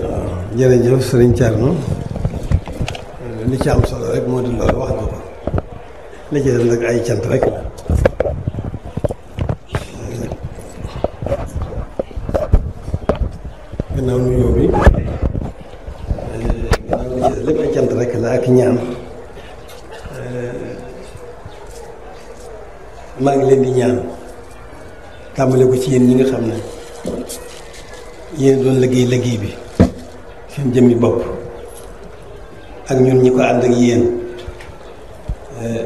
waaw jërëjëf sëriñ Thierno li ci am solo rek moo di loolu wax ko li ci def nag ay cant rek cant rek la ak ñaan maa ngi leen di ñaan tàmbale ko ci yéen ñi nga xam ne yéen doon liggéey liggéey bi seen jëmmi bopp ak ñun ñi ko ànd ak yéen eh,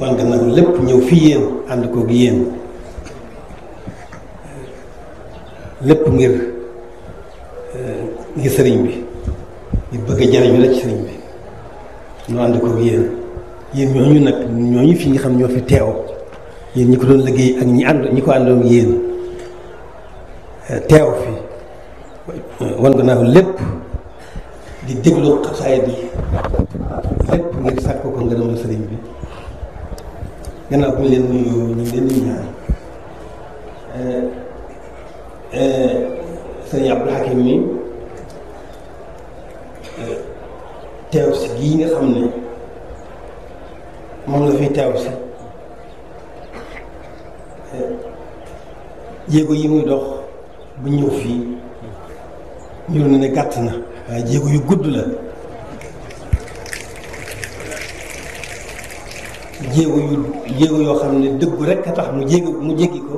wan gannaaw lépp ñëw fi yéen ànd koog yéen eh, lépp ngir eh, ngir sëriñ bi ngir bëgg a jariñu la ci sëriñ bi ñu ànd koog yéen yéen ñooñu nag ñooñu fi nga xam ñoo fi teew yéen ñi ko doon liggéey ak ñi ànd ñi ko àndoon yéen teew fi wan gannaaw lépp di déglu xasaayid yi lépp ngir sàkku ko ngërëmal sëriñ bi gannaaw bu ñu leen nuyoo ñu ngi leen di ñaan sëriñ Abdou Hakim mi teew si gii nga xam ne moom la fiy teew si jéego yi muy dox bu ñëw fii niru na ne gàtt na waaye jéego yu gudd la jéego yu jéego yoo xam ne dëggu rekk a tax mu jéego mu jéggi ko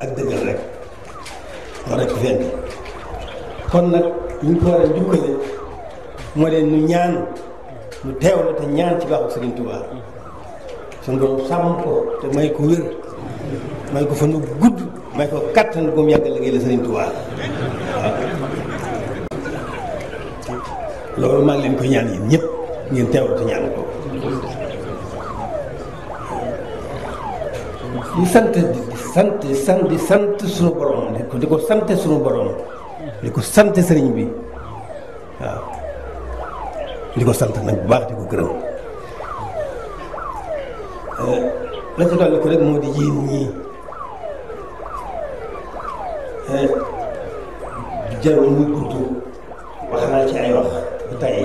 ak dëggal rek loolu rek fenn kon nag ñu ko war a jukkale moo leen ñu ñaan ñu teewlu te ñaan ci baaxu Sëriñ Tuubaa suñu doom sàmm ko te may ko wér may ko fa nu gudd may ko kattan bu mu yàgg liggéey la Sëriñ Tuubaa loolu maa ngi leen koy ñaan yéen ñëpp ngeen teewal ci ñaan ko di sant di sant di sant di sant suñu borom di ko di ko sant suñu borom di ko sant sëriñ bi waaw di ko sant nag bu baax di ko gërëm euh, la ca dolli ko rek moo di yéen ñii euh, jarul muy gudd wax ci ay wax bare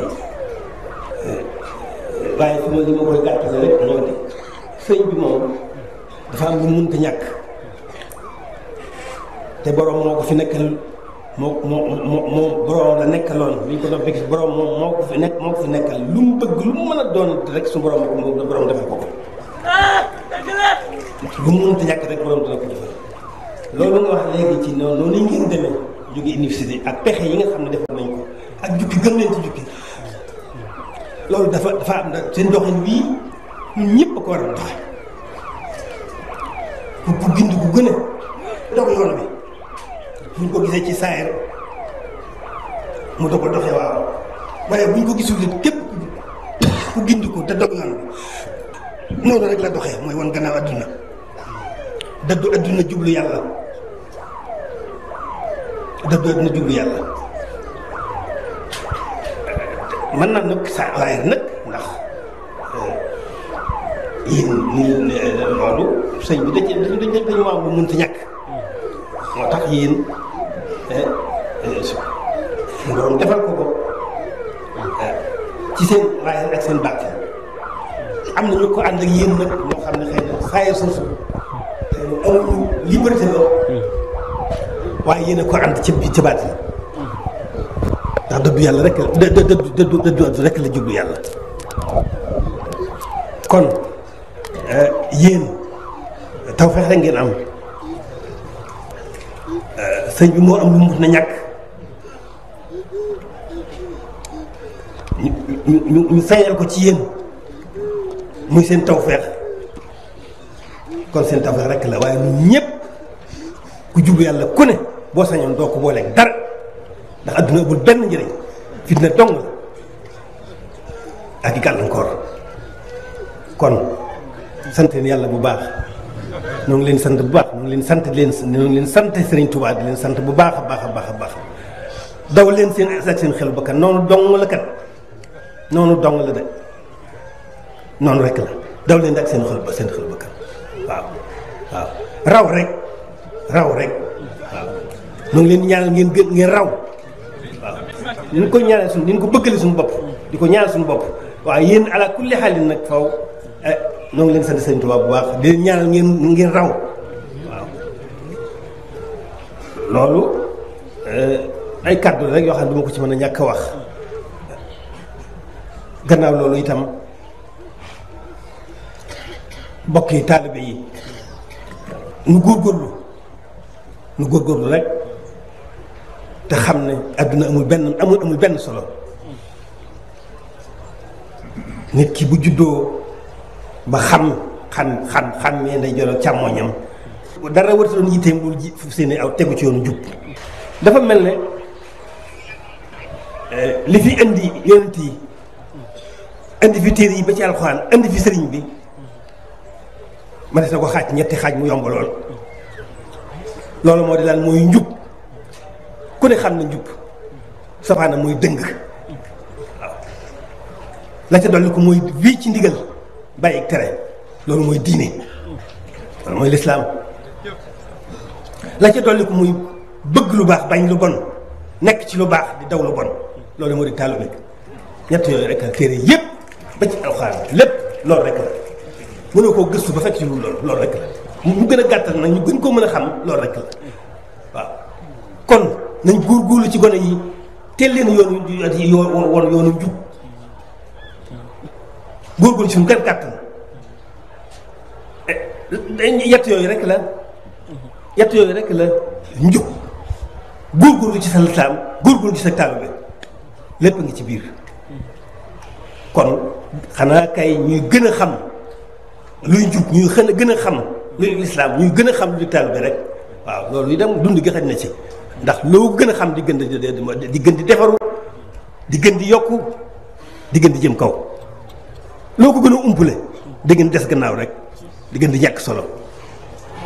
waaye su ma li ma koy gàttale rek moo di sëñ bi moom dafa am lu mënta ñàkk te borom moo ko fi nekkal moo moo moo moom la nekkaloon li ñu borom moom moo ko fi nekk moo ko fi lu mu bëgg lu mu a doon rek su borom moom borom defal ko ko. lu mu mënta ñàkk rek boroom dana ko defal loolu nga wax léegi ci noonu noonu la ñu demee jóge université ak pexe yi nga xam ne defal nañ ko. ak jukki gën leen ci jukki loolu dafa dafa am nag seen doxin wii ñun ñëpp ko war a doxe pour pour gindi gën a dox yoon bi buñ ko gisee ci saayir mu doog ko doxee waaw waaye buñ ko gisul nit képp ku gindi ko te dog yoon bi rek la doxee mooy wan gannaaw adduna dëddu adduna jublu yàlla dëddu adduna jublu yàlla man na nag sa waaye nag ndax eh, yéen nii eh, loolu sëñ bi da ci dañ dañ dañu waaw lu mënta ñàkk moo tax yéen eh, mu doon defal ko ko ci seen waaye ak seen bàkk am na ñu ko ànd ak yéen nag ñoo xam ne xëy na saayir soosu amuñu liberté la hmm. waaye yéen a ko ànd ci ci baat yi ndax dëddu yàlla rek la dëddu dëddu rek la jublu yàlla kon eh, yéen tawfeex rek ngeen am eh, sëñ bi moo am lu mu na ñàkk ñu ñu ñu feeñal ko ci yéen muy seen tawfeex kon seen tawfeex rek la waaye ñun ñëpp ku jublu yàlla ku ne boo sañoon doo ko booleeg dara. ndax adduna bul benn njëriñ fitna dong ak i gàllankoor kon sant leen yàlla bu baax ñoo ngi leen sant bu baax ñoo ngi leen sant leen ñoo ngi leen sant Serigne Touba di leen sant bu baax a baax a baax a baax daw leen seen ak seen xel ba kat noonu dong la kat noonu dong la de noonu rek la daw leen ak seen xel ba seen xel ba kat waaw waaw raw rek raw rek waaw ñoo ngi leen ñaanal ngeen gën ngeen raw. li ñu koy ñaanal suñu li ñu ko bëggale suñu bopp di ko ñaanal suñu bopp waaye yéen ala kulli xaalin nag faw eh, ñoo ngi leen sant Sëriñ Tuubaa bu baax di ñaanal ngeen ngeen raw waaw loolu eh, ay kàddu rek yoo xam ne duma ko ci mën a ñàkk wax gannaaw loolu itam mbokk yi taalibe yi nu góorgóorlu nu góorlu rek te xam ne àdduna amul benn amul benn solo nit ki bu juddoo ba xam xam xam xam ne nday jolo càmmooñam dara warta doon yitteem bul ji fu seeni aw tegu ci yoonu jub dafa mel ne eh, li fi indi yonent yi indi fi téere yi ba ci alxuraan indi fi sëriñ bi ma des ko xaaj ñetti xaaj mu yomb lool loolu moo di daal mooy njub ku ne xam na njub safaana mooy dëng waaw la ca dolli ko mooy wii ci ndigal bàyyi tere loolu mooy diine loolu mooy lislaam la ca dolli ko muy bëgg lu baax bañ lu bon nekk ci lu baax di daw lu bon loolu moo di tàllu bi ñett yooyu rek la téere yépp ba ci alxuraan lépp loolu rek la mënoo koo gëstu ba fekk ci loolu loolu rek la mu gën a gàttal nag ñu gën koo mën a xam loolu rek la waaw kon nañ góorgóorlu ci gone yi teel leen yoon yi yoo woon yoonu njub góorgóorlu ci suñu kenn kàttan eh, eh, yett yooyu rek la yett yooyu rek la njub góorgóorlu ci sa lislaam góorgóorlu ci sa bi lépp ngi ci biir kon xanaa kay ñuy gën a xam luy jub ñuy xën a gën a xam luy lislaam ñuy gën a xam luy taalibe rek waaw loolu itam dund gi xaj na ci ndax loo gën a xam di gën di gën di defaru di gën di yokku di gën di jëm kaw loo ko gën a umpule di gën des gannaaw rek di gën di ñàkk solo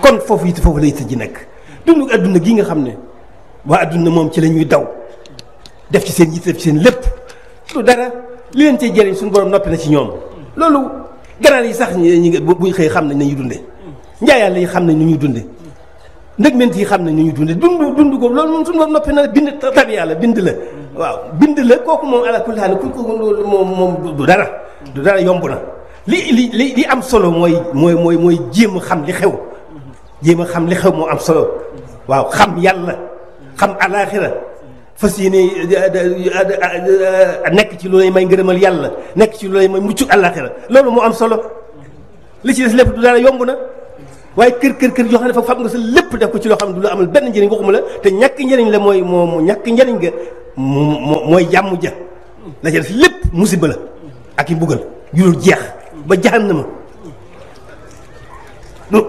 kon foofu it foofu la it ji nekk dundu adduna gi nga xam ne waa adduna moom ci la ñuy daw def ci seen yitte def ci seen lépp lu dara li leen cee jëriñ suñu borom noppi na ci ñoom loolu ganaar yi sax bu buñ xëy xam nañ nañuy dunde njaayaan yi xam nañ nu ñuy dunde ndëgment yi xam na ni ñu dundee dund dund ko loolu moom suñu war noppi na bind tabiya la bind la. waaw bind la kooku moom ala kulli haal ku ko loolu moom dara. du dara yomb na li li li li am solo mooy mooy mooy mooy jéem a xam li xew. a xam li xew moo am solo. waaw xam yàlla. xam alaaxira fas yéene eh, eh, eh, nekk ci lu lay may ngërëmal yàlla nekk ci lu lay may mucc alaaxira loolu moo am solo li ci des lépp du dara yomb na. waaye kër kër kër yoo xam ne fa fab nga sa lépp def ko ci loo xam ne du la benn njëriñ waxuma la te ñàkk njëriñ la mooy moo ñàkk njëriñ nga mooy jàmm ja la ca def lépp musiba la ak i mbugal yu dul jeex ba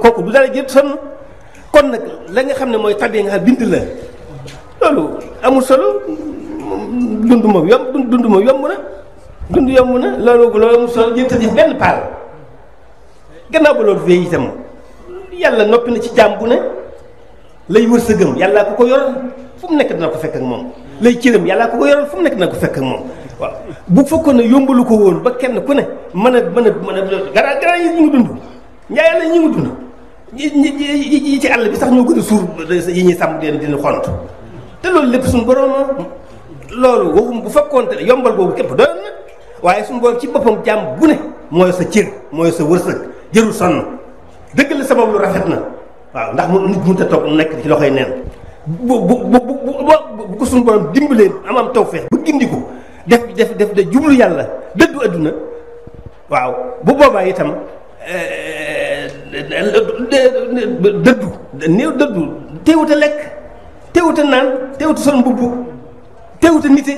kooku du dara jël sonn kon nag la nga xam ne mooy tabee nga xam bind la loolu amul solo dund moom yomb dund moom yomb na dund yomb na loolu loolu amul solo jël tëdd benn paal gannaaw ba loolu fee itam yàlla noppi na ci jaam bu ne lay wërsëgam yàllaa ko ko yoral fu mu nekk dina ko fekk ak moom lay cëram yàllaa ko ko yoral fu mu nekk dina ko fekk ak moom waaw bu fekkoon ne yombalu ko woon ba kenn ku ne mën a mën mën a garaa garaa yi ñu ngi dund ñaa yàlla ñu ngi dund ci àll bi sax ñoo gën a suur yi ñuy sàmm deen dina xont te loolu lépp suñu borom bu fekkoon te yombal boobu képp doyoon na waaye suñu borom ci boppam jaam bu ne mooy sa cër mooy sa wërsëg jërul sonn sabab lu rafet na waaw ndax mu nit mënut a toog nekk ci loxoy neen bu bu bu bu ko suñu borom dimbalee am am tawfeex bu gindiku def def def de jublu yàlla dëddu adduna waaw bu boobaa itam eh, eh, dëddu néew dëddu teewut a lekk teewut a naan teewut a sol mbubb teewut a nite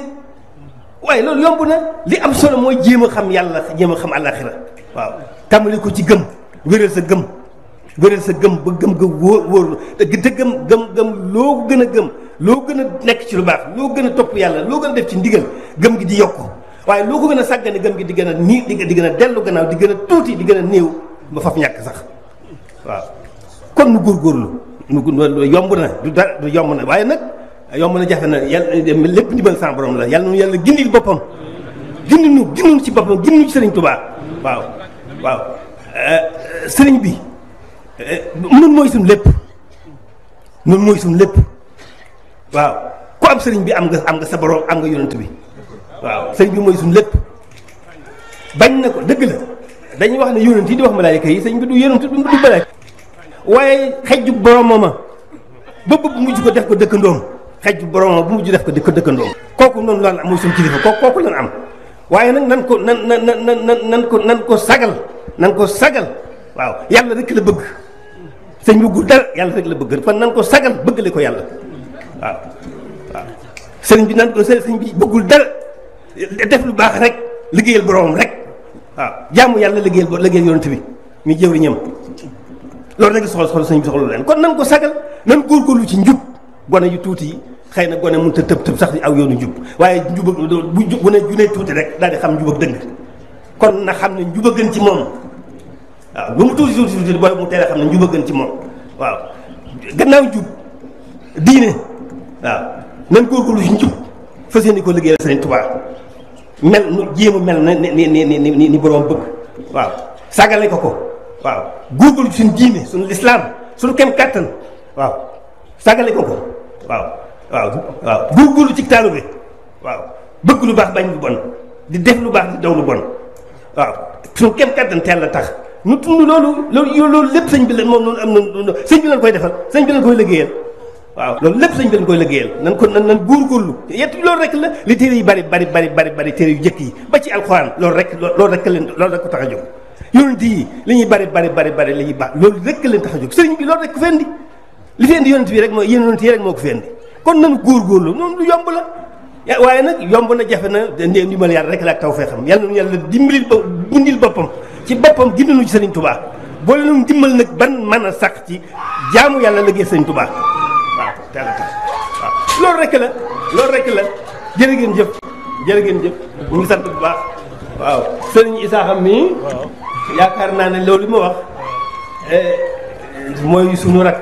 waaye loolu yomb na li am solo mooy jéem a xam yàlla jéem a xam àllaaxira waaw tàmbali ko ci gëm wéral sa gëm wéral sa gëm ba gëm nga wóor wóor te te gëm gëm gëm loo gën a gëm loo gën a nekk ci lu baax loo gën a topp yàlla loo gën a def ci ndigal gëm gi di yokk waaye loo ko gën a sàggane gëm gi di gën a nii di gën a dellu gannaaw di gën a tuuti di gën a néew ba faf ñàkk sax waaw kon nu góorgóorlu nu yomb na du dara du yomb na waaye nag yomb na jafe na yàlla lépp ndimbal sa borom la yàlla nu yàlla gindil boppam gindi nu gindi nu ci boppam gindi nu ci sëriñ Tuubaa waaw waaw euh, sëriñ bi nun mooy suñ lépp nun mooy suñ lépp waaw ku am sëriñ bi am nga am nga sa borom am nga yonent bi waaw sëriñ bi mooy suñ lépp bañ na ko dëgg la dañuy wax ne yonent yi di wax malaayika yi sañ bi du yonent du malaayika waaye xejju boromam ba bu mujj ko def ko dëkkandoom xejju boromam bu mujj def ko dëkk dëkkandoom kooku noonu lan am mooy suñ kilifa kooku kooku am waaye nag nan ko nan nan nan nan ko sagal nan ko sagal waaw yàlla rek la bëgg sëñ bi guddal yàlla rek la bëgg kon nan ko sagal bëggale ko yàlla waaw waaw sëriñ bi nan ko sëriñ bi bëggul dal def lu baax rek liggéeyal boroomam rek waaw jaamu yàlla liggéeyal bo liggéeyal yonent bi muy loolu rek soxla soxla sëñ bi soxla leen kon nan ko sagal nan góorgóorlu ci njub gone yu tuuti yi xëy na gone mun a tëb tëb sax aw yoonu njub waaye njub bu ju ne ju ne tuuti rek daal di xam njub ak dëgg kon na xam ne njub gën ci moo waaw lu mu tuuti tuuti tuuti booy mu teel a xam ne njub a gën ci moom waaw gannaaw njub diine waaw nan lu si njub fas yéene ko liggéeyal Sëriñ Tuubaa mel jéemu mel na ni ni ni ni ni borom bëgg waaw sàggale ko ko waaw góorgóorlu suñu diine suñu lislaam suñu kem kàttan waaw sàggale ko ko waaw waaw waaw góorgóorlu ci taalu bi waaw bëgg lu baax bañ lu bon di def lu baax di daw lu bon waaw suñu kem kàttan teel la tax nu nu loolu loolu loolu lépp sëñ bi leen moom noonu am na sëñ bi leen koy defal sëñ bi leen koy liggéeyal waaw loolu lépp sëñ bi leen koy liggéeyal nan ko nan nan góorgóorlu yett loolu rek la li téere yi bari bari bari bari bari yu njëkk yi ba ci alxuraan loolu rek loolu rek leen loolu rek ko a jóg yonent yi ñuy bari bari bari bari la ñuy baax loolu rek leen tax a jóg sëriñ bi fendi li fendi yonent bi rek mooy yéen yonent yi rek moo ko fendi kon nanu góorgóorlu noonu lu yomb la waaye nag yomb na jafe na ndéem ndimbal yàlla rek la taw fee xam yàlla nonu yàlla dimbalil bundil boppam ci boppam ginduñu ci sëriñ tubaa boole nu dimbal nag ban man a sax ci jaamu yàlla liggéey sëriñ tubaa loolu rekk la loolu rek la jërë ngeen jëf jërë ngeen jëf ñu ngi sant bu baax waaw sëriñ Isaaxa mii yaakaar naa ne loolu li ma wax eh, mooy sunu rak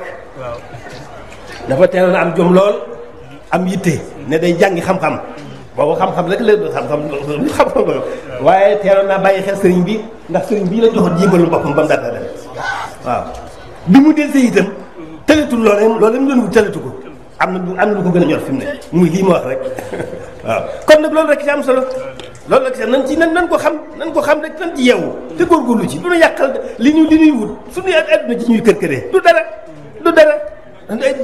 dafa teeloon am jom lool am yitte ne day jàngi xam-xam boobu xam-xam rek la xam-xam xam-xam waaye teeloon naa bàyyi xel sëriñ bi ndax sëriñ bii la joxoon jébalu boppam ba mu daan dem waaw bi mu del see itam tëletul loolee loolee mu doon wut tëletu ko am na am na lu ko gën a ñor fi mu ne muy lii ma wax rek waaw kon nag loolu rek ci am solo loolu rek ci nan ci nan nan ko xam nan ko xam rek nan ci yeewu te góorgóorlu ci du ñu yàqal li ñu li ñuy wut suñu na ci ñuy kër këree du dara du dara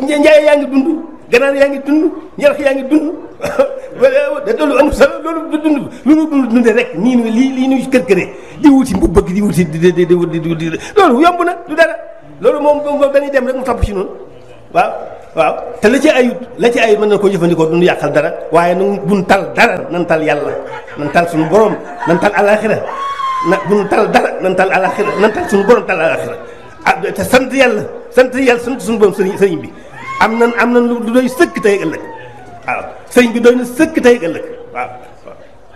njaay yaa ngi dund ganaar yaa ngi dund njarax yaa ngi dund loolu am solo loolu du dund lu nu dund dundee rek nii nii lii lii ñuy kër këree di wuti bu bëgg di wuti di di di di loolu yomb na du dara loolu moom moom dañuy dem rek mu topp ci noonu waaw waaw te la ci ayut la ci ayut mën na ko jëfandikoo duñu yàqal dara waaye nu buñ tal dara nan tal yàlla nan tal suñu borom nan tal alaxira na buñ tal dara nan tal alaxira nan tal suñu borom tal alaxira ah te sant yàlla sant yàlla sant suñu borom sëriñ sëriñ bi am nan am nan lu doy sëkk tey ëllëg waaw sëriñ bi doy na sëkk tey ëllëg waaw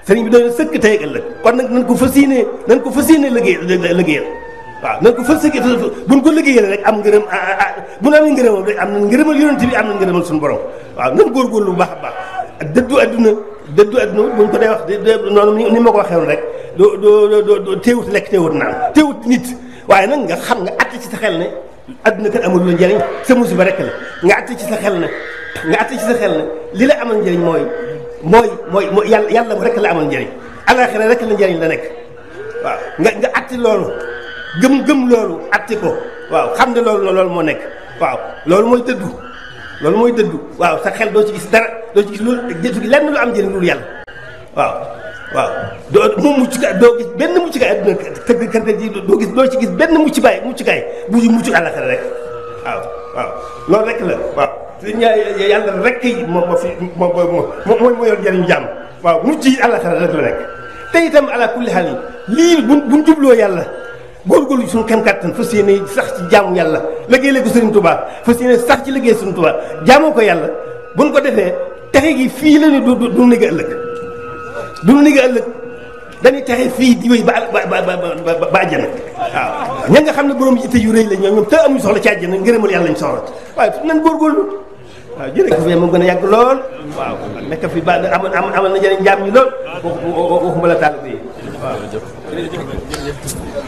sëriñ bi doy na sëkk tey ëllëg kon nag nañ ko fas yéene nañ ko fas yéene liggéey liggéeyal waaw nañ ko fas yéene buñ ko liggéeyal rek am ngërëm bu ñu amee ngërëmam rek am na ngërëmal yonent bi am na ngërëmal suñu borom waaw nañ góorgóorlu bu baax a baax dëddu adduna dëddu adduna buñ ko dee wax noonu ni ma ko waxee woon rek doo doo doo teewut lekk teewut naan teewut nit waaye nag nga xam nga att ci sa xel ne adduna kat amul lu njëriñ sa ba rek la nga atte ci sa xel na nga atte ci sa xel na li la amal njariñ mooy mooy mooy mooy yàlla yàlla rek la amal njëriñ alaxira rek la njëriñ la nekk waaw nga nga atte loolu gëm-gëm loolu atte ko waaw xam ne loolu loolu moo nekk waaw loolu mooy dëddu loolu mooy dëddu waaw sa xel doo ci gis dara doo ci gis lu lenn lu am njëriñ loolu yàlla waaw waaw doo moom muccukaay doo gis benn muccukaay adduna tëgg kante ji doo gis doo ci gis benn mucc baay muccukaay bu mucc àllaxira rek waaw waaw loolu rek la waaw ña yàlla rek moom moo fi moo moo moo yor njëriñu jàmm waaw mucc yi àllaxira rek la rek te itam ala kulli xaal lii bu buñ jubloo yàlla góorgóorlu suñu kem kàttan fas yéene sax ci jaamu yàlla liggéeyal ko Sëriñ Tuubaa fas yéene sax ci liggéey Sëriñ Tuubaa jaamoo ko yàlla buñ ko defee texe gi fii la ñu du du du ëllëg du ni liggéey ëllëg dañuy texe fii di wéy ba ba ba ba àjjana waaw ña nga xam ne borom yitte yu rëy la ñoom ñoom te amuñu soxla ci àjjana ngërëmal yàlla lañ soxla waaye nan góorgóorlu waaw jërëjëf fee moom gën a yàgg lool waaw nekk fi ba amal amal na njëriñ jaam ñi lool waxuma la taalibe yi waaw